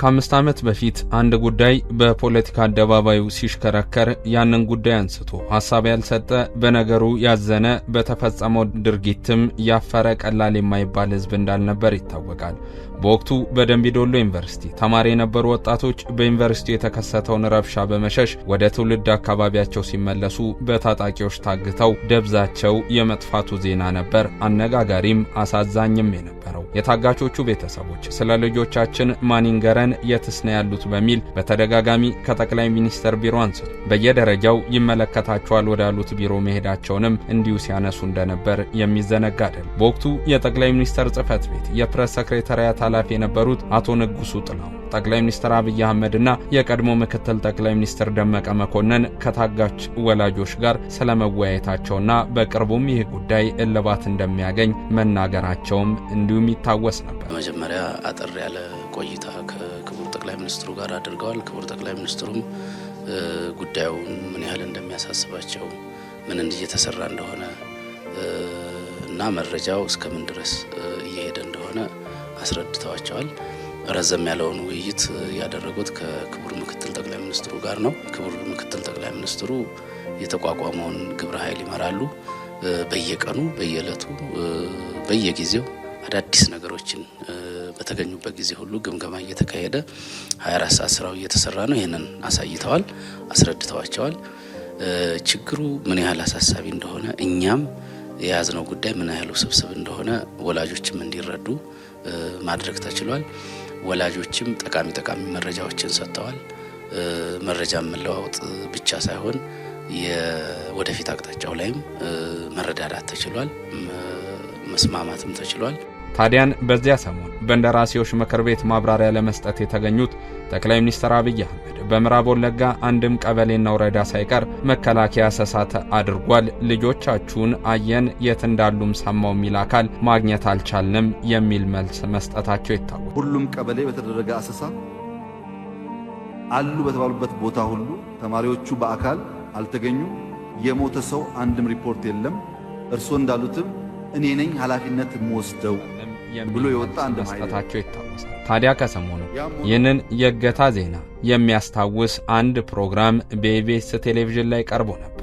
ከአምስት ዓመት በፊት አንድ ጉዳይ በፖለቲካ አደባባዩ ሲሽከረከር ያንን ጉዳይ አንስቶ ሐሳብ ያልሰጠ በነገሩ ያዘነ በተፈጸመው ድርጊትም ያፈረ ቀላል የማይባል ሕዝብ እንዳልነበር ይታወቃል። በወቅቱ በደምቢዶሎ ዩኒቨርሲቲ ተማሪ የነበሩ ወጣቶች በዩኒቨርሲቲ የተከሰተውን ረብሻ በመሸሽ ወደ ትውልድ አካባቢያቸው ሲመለሱ በታጣቂዎች ታግተው ደብዛቸው የመጥፋቱ ዜና ነበር አነጋጋሪም አሳዛኝም የነበረው። የታጋቾቹ ቤተሰቦች ስለ ልጆቻችን ማን ይንገረን ኢትዮጵያውያን የትስ ነው ያሉት በሚል በተደጋጋሚ ከጠቅላይ ሚኒስትር ቢሮ አንስቶ በየደረጃው ይመለከታቸዋል ወዳሉት ቢሮ መሄዳቸውንም እንዲሁ ሲያነሱ እንደነበር የሚዘነጋ አይደለም። በወቅቱ የጠቅላይ ሚኒስትር ጽህፈት ቤት የፕሬስ ሰክሬታሪያት ኃላፊ የነበሩት አቶ ንጉሱ ጥላው ጠቅላይ ሚኒስትር አብይ አህመድና የቀድሞ ምክትል ጠቅላይ ሚኒስትር ደመቀ መኮንን ከታጋች ወላጆች ጋር ስለመወያየታቸውና በቅርቡም ይህ ጉዳይ እልባት እንደሚያገኝ መናገራቸውም እንዲሁም ይታወስ ነበር። መጀመሪያ አጠር ያለ ቆይታ ጠቅላይ ሚኒስትሩ ጋር አድርገዋል። ክቡር ጠቅላይ ሚኒስትሩም ጉዳዩን ምን ያህል እንደሚያሳስባቸው ምን እየተሰራ እንደሆነ እና መረጃው እስከምን ድረስ እየሄደ እንደሆነ አስረድተዋቸዋል። ረዘም ያለውን ውይይት ያደረጉት ከክቡር ምክትል ጠቅላይ ሚኒስትሩ ጋር ነው። ክቡር ምክትል ጠቅላይ ሚኒስትሩ የተቋቋመውን ግብረ ኃይል ይመራሉ። በየቀኑ በየዕለቱ በየጊዜው አዳዲስ ነገሮችን በተገኙበት ጊዜ ሁሉ ግምገማ እየተካሄደ 24 ሰዓት ስራው እየተሰራ ነው። ይህንን አሳይተዋል፣ አስረድተዋቸዋል። ችግሩ ምን ያህል አሳሳቢ እንደሆነ እኛም የያዝነው ጉዳይ ምን ያህል ውስብስብ እንደሆነ ወላጆችም እንዲረዱ ማድረግ ተችሏል። ወላጆችም ጠቃሚ ጠቃሚ መረጃዎችን ሰጥተዋል። መረጃ መለዋወጥ ብቻ ሳይሆን የወደፊት አቅጣጫው ላይም መረዳዳት ተችሏል፣ መስማማትም ተችሏል። ታዲያን በዚያ ሰሞን በእንደራሴዎች ምክር ቤት ማብራሪያ ለመስጠት የተገኙት ጠቅላይ ሚኒስትር አብይ አህመድ በምዕራብ ወለጋ አንድም ቀበሌና ወረዳ ሳይቀር መከላከያ ሰሳተ አድርጓል፣ ልጆቻችሁን አየን፣ የት እንዳሉም ሰማው የሚል አካል ማግኘት አልቻልንም የሚል መልስ መስጠታቸው ይታወቃል። ሁሉም ቀበሌ በተደረገ አሰሳ አሉ በተባሉበት ቦታ ሁሉ ተማሪዎቹ በአካል አልተገኙም። የሞተ ሰው አንድም ሪፖርት የለም። እርስዎ እንዳሉትም እኔ ነኝ ኃላፊነት የምወስደው ብሎ የወጣ መስጠታቸው ይታወሳል። ታዲያ ከሰሞኑ ይህንን የእገታ ዜና የሚያስታውስ አንድ ፕሮግራም በኢቢኤስ ቴሌቪዥን ላይ ቀርቦ ነበር።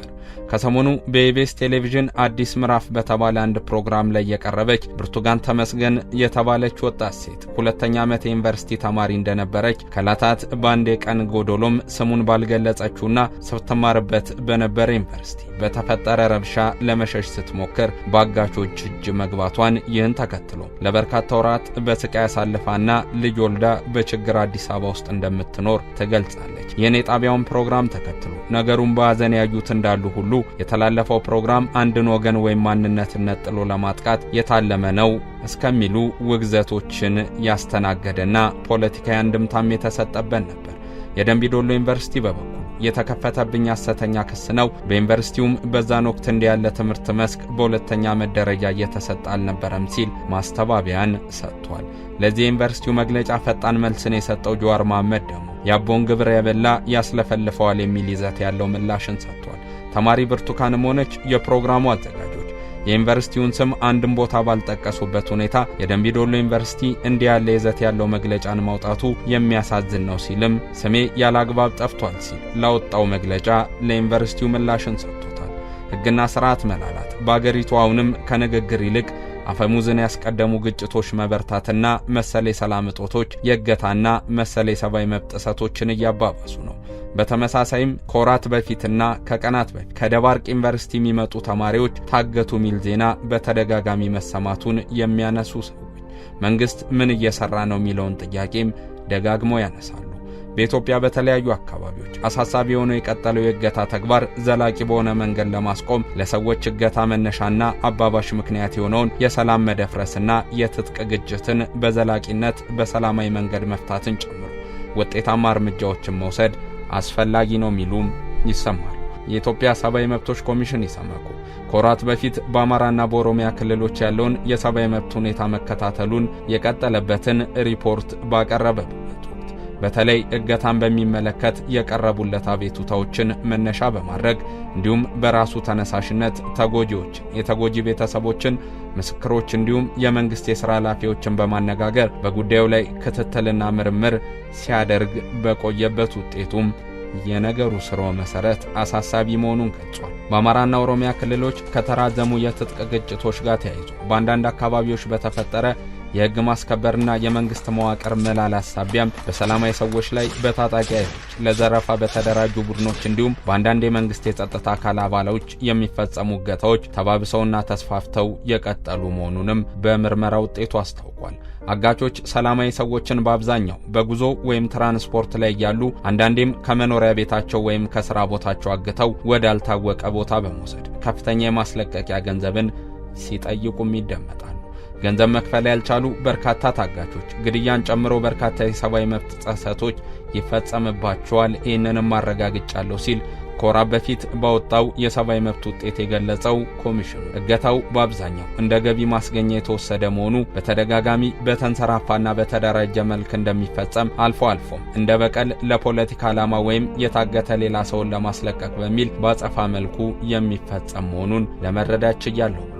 ከሰሞኑ በኢቤስ ቴሌቪዥን አዲስ ምዕራፍ በተባለ አንድ ፕሮግራም ላይ የቀረበች ብርቱካን ተመስገን የተባለች ወጣት ሴት ሁለተኛ ዓመት የዩኒቨርሲቲ ተማሪ እንደነበረች ከላታት በአንድ የቀን ጎዶሎም ስሙን ባልገለጸችውና ስትማርበት በነበረ ዩኒቨርሲቲ በተፈጠረ ረብሻ ለመሸሽ ስትሞክር በአጋቾች እጅ መግባቷን ይህን ተከትሎ ለበርካታ ወራት በስቃይ አሳልፋና ልጅ ወልዳ በችግር አዲስ አበባ ውስጥ እንደምትኖር ትገልጻለች። የእኔ ጣቢያውን ፕሮግራም ተከትሎ ነገሩን በሐዘን ያዩት እንዳሉ ሁሉ የተላለፈው ፕሮግራም አንድን ወገን ወይም ማንነትን ነጥሎ ለማጥቃት የታለመ ነው እስከሚሉ ውግዘቶችን ያስተናገደና ፖለቲካዊ አንድምታም የተሰጠበት ነበር። የደምቢዶሎ ዩኒቨርሲቲ በበኩል የተከፈተብኝ ሐሰተኛ ክስ ነው። በዩኒቨርሲቲውም በዛን ወቅት እንዲህ ያለ ትምህርት መስክ በሁለተኛ ዓመት ደረጃ እየተሰጠ አልነበረም ሲል ማስተባበያን ሰጥቷል። ለዚህ የዩኒቨርሲቲው መግለጫ ፈጣን መልስን የሰጠው ጀዋር መሐመድ ደግሞ ያቦን ግብር የበላ ያስለፈልፈዋል የሚል ይዘት ያለው ምላሽን ሰጥቷል። ተማሪ ብርቱካንም ሆነች የፕሮግራሙ አዘጋጆች የዩኒቨርሲቲውን ስም አንድም ቦታ ባልጠቀሱበት ሁኔታ የደምቢዶሎ ዩኒቨርሲቲ እንዲህ ያለ ይዘት ያለው መግለጫን ማውጣቱ የሚያሳዝን ነው ሲልም ስሜ ያለ አግባብ ጠፍቷል ሲል ላወጣው መግለጫ ለዩኒቨርሲቲው ምላሽን ሰጥቶታል። ሕግና ስርዓት መላላት በአገሪቱ አሁንም ከንግግር ይልቅ አፈሙዝን ያስቀደሙ ግጭቶች መበርታትና መሰል የሰላም እጦቶች የእገታና መሰል የሰብአዊ መብት ጥሰቶችን እያባባሱ ነው። በተመሳሳይም ከወራት በፊትና ከቀናት በፊት ከደባርቅ ዩኒቨርሲቲ የሚመጡ ተማሪዎች ታገቱ የሚል ዜና በተደጋጋሚ መሰማቱን የሚያነሱ ሰዎች መንግሥት ምን እየሠራ ነው የሚለውን ጥያቄም ደጋግሞ ያነሳሉ። በኢትዮጵያ በተለያዩ አካባቢዎች አሳሳቢ የሆነው የቀጠለው የእገታ ተግባር ዘላቂ በሆነ መንገድ ለማስቆም ለሰዎች እገታ መነሻና አባባሽ ምክንያት የሆነውን የሰላም መደፍረስና የትጥቅ ግጭትን በዘላቂነት በሰላማዊ መንገድ መፍታትን ጨምሮ ውጤታማ እርምጃዎችን መውሰድ አስፈላጊ ነው የሚሉም ይሰማሉ። የኢትዮጵያ ሰብአዊ መብቶች ኮሚሽን ኢሰመኮ ከወራት በፊት በአማራና በኦሮሚያ ክልሎች ያለውን የሰብአዊ መብት ሁኔታ መከታተሉን የቀጠለበትን ሪፖርት ባቀረበ በተለይ እገታን በሚመለከት የቀረቡለት አቤቱታዎችን መነሻ በማድረግ እንዲሁም በራሱ ተነሳሽነት ተጎጂዎችን፣ የተጎጂ ቤተሰቦችን፣ ምስክሮች እንዲሁም የመንግሥት የሥራ ኃላፊዎችን በማነጋገር በጉዳዩ ላይ ክትትልና ምርምር ሲያደርግ በቆየበት ውጤቱም የነገሩ ስሮ መሰረት አሳሳቢ መሆኑን ገልጿል። በአማራና ኦሮሚያ ክልሎች ከተራዘሙ የትጥቅ ግጭቶች ጋር ተያይዞ በአንዳንድ አካባቢዎች በተፈጠረ የህግ ማስከበርና የመንግስት መዋቅር መላላት ሳቢያም በሰላማዊ ሰዎች ላይ በታጣቂ ኃይሎች ለዘረፋ በተደራጁ ቡድኖች እንዲሁም በአንዳንድ የመንግስት የጸጥታ አካል አባላዎች የሚፈጸሙ እገታዎች ተባብሰውና ተስፋፍተው የቀጠሉ መሆኑንም በምርመራ ውጤቱ አስታውቋል። አጋቾች ሰላማዊ ሰዎችን በአብዛኛው በጉዞ ወይም ትራንስፖርት ላይ እያሉ አንዳንዴም ከመኖሪያ ቤታቸው ወይም ከስራ ቦታቸው አግተው ወዳልታወቀ ቦታ በመውሰድ ከፍተኛ የማስለቀቂያ ገንዘብን ሲጠይቁም ይደመጣል። ገንዘብ መክፈል ያልቻሉ በርካታ ታጋቾች ግድያን ጨምሮ በርካታ የሰብአዊ መብት ጥሰቶች ይፈጸምባቸዋል። ይህንንም ማረጋግጫለሁ ሲል ከወራት በፊት ባወጣው የሰብአዊ መብት ውጤት የገለጸው ኮሚሽኑ እገታው በአብዛኛው እንደ ገቢ ማስገኛ የተወሰደ መሆኑ በተደጋጋሚ በተንሰራፋና በተደራጀ መልክ እንደሚፈጸም አልፎ አልፎም እንደ በቀል ለፖለቲካ ዓላማ ወይም የታገተ ሌላ ሰውን ለማስለቀቅ በሚል በአጸፋ መልኩ የሚፈጸም መሆኑን ለመረዳት ችያለሁ።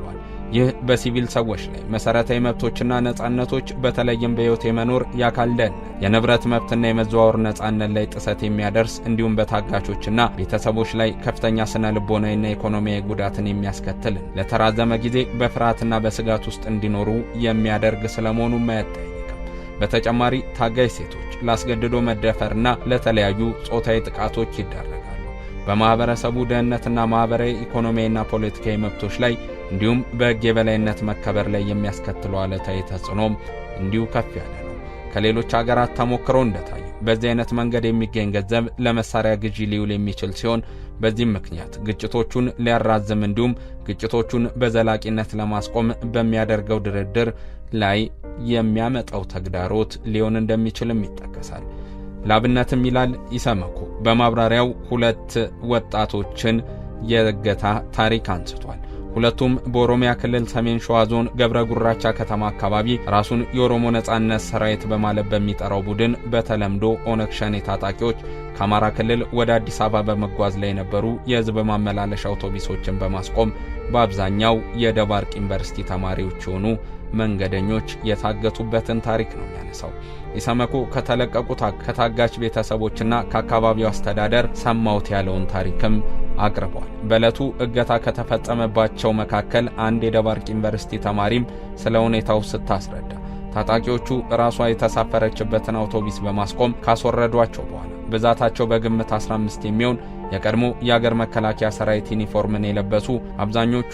ይህ በሲቪል ሰዎች ላይ መሠረታዊ መብቶችና ነጻነቶች በተለይም በሕይወት የመኖር የአካል ደህንነት፣ የንብረት መብትና የመዘዋወር ነጻነት ላይ ጥሰት የሚያደርስ እንዲሁም በታጋቾችና ቤተሰቦች ላይ ከፍተኛ ስነ ልቦናዊና ኢኮኖሚያዊ ጉዳትን የሚያስከትል ለተራዘመ ጊዜ በፍርሃትና በስጋት ውስጥ እንዲኖሩ የሚያደርግ ስለመሆኑ አያጠያይቅም። በተጨማሪ ታጋይ ሴቶች ላስገድዶ መደፈርና ለተለያዩ ጾታዊ ጥቃቶች ይዳረጋል። በማኅበረሰቡ ደህንነትና ማኅበራዊ፣ ኢኮኖሚያዊና ፖለቲካዊ መብቶች ላይ እንዲሁም በሕግ የበላይነት መከበር ላይ የሚያስከትለው አሉታዊ ተጽዕኖም እንዲሁ ከፍ ያለ ነው። ከሌሎች አገራት ተሞክሮ እንደታየ በዚህ አይነት መንገድ የሚገኝ ገንዘብ ለመሳሪያ ግዢ ሊውል የሚችል ሲሆን በዚህም ምክንያት ግጭቶቹን ሊያራዝም እንዲሁም ግጭቶቹን በዘላቂነት ለማስቆም በሚያደርገው ድርድር ላይ የሚያመጣው ተግዳሮት ሊሆን እንደሚችልም ይጠቀሳል። ላብነትም ይላል ኢሰመኮ በማብራሪያው ሁለት ወጣቶችን የእገታ ታሪክ አንስቷል። ሁለቱም በኦሮሚያ ክልል ሰሜን ሸዋ ዞን ገብረ ጉራቻ ከተማ አካባቢ ራሱን የኦሮሞ ነጻነት ሰራዊት በማለት በሚጠራው ቡድን በተለምዶ ኦነግ ሸኔ ታጣቂዎች ከአማራ ክልል ወደ አዲስ አበባ በመጓዝ ላይ የነበሩ የሕዝብ ማመላለሻ አውቶቡሶችን በማስቆም በአብዛኛው የደባርቅ ዩኒቨርሲቲ ተማሪዎች የሆኑ መንገደኞች የታገቱበትን ታሪክ ነው የሚያነሳው። ኢሰመኮ ከተለቀቁት ከታጋች ቤተሰቦችና ከአካባቢው አስተዳደር ሰማሁት ያለውን ታሪክም አቅርበዋል በዕለቱ እገታ ከተፈጸመባቸው መካከል አንድ የደባርቅ ዩኒቨርሲቲ ተማሪም ስለ ሁኔታው ስታስረዳ ታጣቂዎቹ ራሷ የተሳፈረችበትን አውቶቡስ በማስቆም ካስወረዷቸው በኋላ ብዛታቸው በግምት 15 የሚሆን የቀድሞ የአገር መከላከያ ሰራዊት ዩኒፎርምን የለበሱ አብዛኞቹ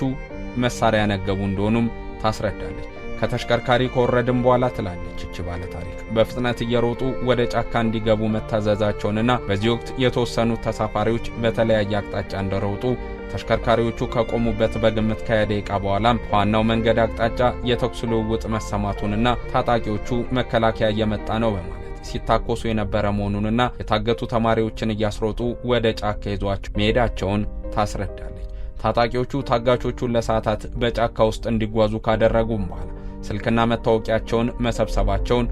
መሳሪያ ያነገቡ እንደሆኑም ታስረዳለች። ከተሽከርካሪ ከወረድም በኋላ ትላለች እች ባለ ታሪክ በፍጥነት እየሮጡ ወደ ጫካ እንዲገቡ መታዘዛቸውንና በዚህ ወቅት የተወሰኑት ተሳፋሪዎች በተለያየ አቅጣጫ እንደሮጡ ተሽከርካሪዎቹ ከቆሙበት በግምት ከደቂቃ በኋላም ከዋናው መንገድ አቅጣጫ የተኩስ ልውውጥ መሰማቱንና ታጣቂዎቹ መከላከያ እየመጣ ነው በማለት ሲታኮሱ የነበረ መሆኑንና የታገቱ ተማሪዎችን እያስሮጡ ወደ ጫካ ይዟቸው መሄዳቸውን ታስረዳለች። ታጣቂዎቹ ታጋቾቹን ለሰዓታት በጫካ ውስጥ እንዲጓዙ ካደረጉም በኋላ ስልክና መታወቂያቸውን መሰብሰባቸውን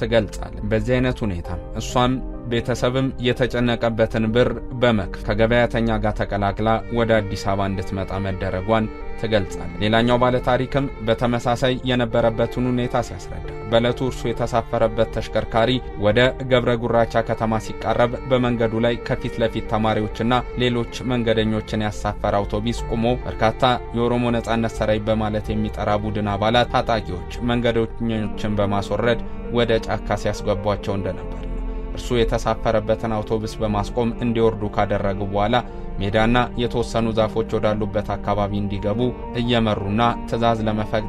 ትገልጻለች። በዚህ አይነት ሁኔታ እሷም ቤተሰብም የተጨነቀበትን ብር በመክፈል ከገበያተኛ ጋር ተቀላቅላ ወደ አዲስ አበባ እንድትመጣ መደረጓን ትገልጻል። ሌላኛው ባለታሪክም በተመሳሳይ የነበረበትን ሁኔታ ሲያስረዳ በዕለቱ እርሱ የተሳፈረበት ተሽከርካሪ ወደ ገብረ ጉራቻ ከተማ ሲቃረብ በመንገዱ ላይ ከፊት ለፊት ተማሪዎችና ሌሎች መንገደኞችን ያሳፈረ አውቶቢስ ቆሞ በርካታ የኦሮሞ ነጻነት ሰራዊት በማለት የሚጠራ ቡድን አባላት ታጣቂዎች መንገደኞችን በማስወረድ ወደ ጫካ ሲያስገቧቸው እንደነበር እርሱ የተሳፈረበትን አውቶቡስ በማስቆም እንዲወርዱ ካደረጉ በኋላ ሜዳና የተወሰኑ ዛፎች ወዳሉበት አካባቢ እንዲገቡ እየመሩና ትዕዛዝ ለመፈጥ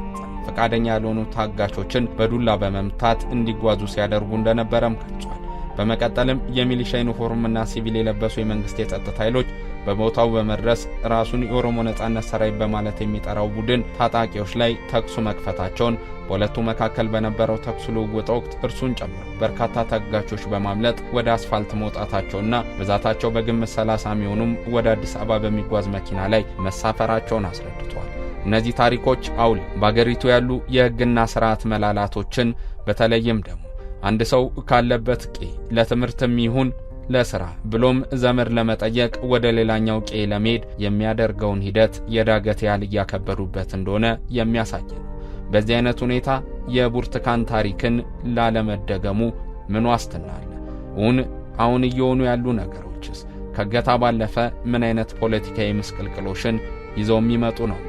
ፈቃደኛ ያልሆኑ ታጋቾችን በዱላ በመምታት እንዲጓዙ ሲያደርጉ እንደነበረም ገልጿል። በመቀጠልም የሚሊሻ ዩኒፎርምና ሲቪል የለበሱ የመንግሥት የጸጥታ ኃይሎች በቦታው በመድረስ ራሱን የኦሮሞ ነጻነት ሰራዊት በማለት የሚጠራው ቡድን ታጣቂዎች ላይ ተኩሱ መክፈታቸውን በሁለቱ መካከል በነበረው ተኩስ ልውውጥ ወቅት እርሱን ጨምሮ በርካታ ታጋቾች በማምለጥ ወደ አስፋልት መውጣታቸውና ብዛታቸው በግምት 30 የሚሆኑም ወደ አዲስ አበባ በሚጓዝ መኪና ላይ መሳፈራቸውን አስረድቷል። እነዚህ ታሪኮች አውል በአገሪቱ ያሉ የሕግና ስርዓት መላላቶችን በተለይም ደግሞ አንድ ሰው ካለበት ቄ ለትምህርትም ይሁን ለስራ ብሎም ዘመድ ለመጠየቅ ወደ ሌላኛው ቄ ለመሄድ የሚያደርገውን ሂደት የዳገት ያህል እያከበዱበት እንደሆነ የሚያሳይ ነው። በዚህ አይነት ሁኔታ የብርቱካን ታሪክን ላለመደገሙ ምን ዋስትና አለ? እውን አሁን እየሆኑ ያሉ ነገሮችስ ከገታ ባለፈ ምን አይነት ፖለቲካዊ ምስቅልቅሎሽን ይዘው የሚመጡ ነው?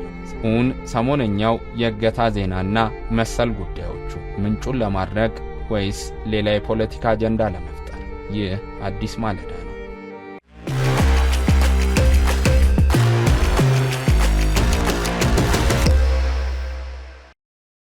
እውን ሰሞነኛው የእገታ ዜናና መሰል ጉዳዮቹ ምንጩን ለማድረግ ወይስ ሌላ የፖለቲካ አጀንዳ ለመ ይህ አዲስ ማለዳ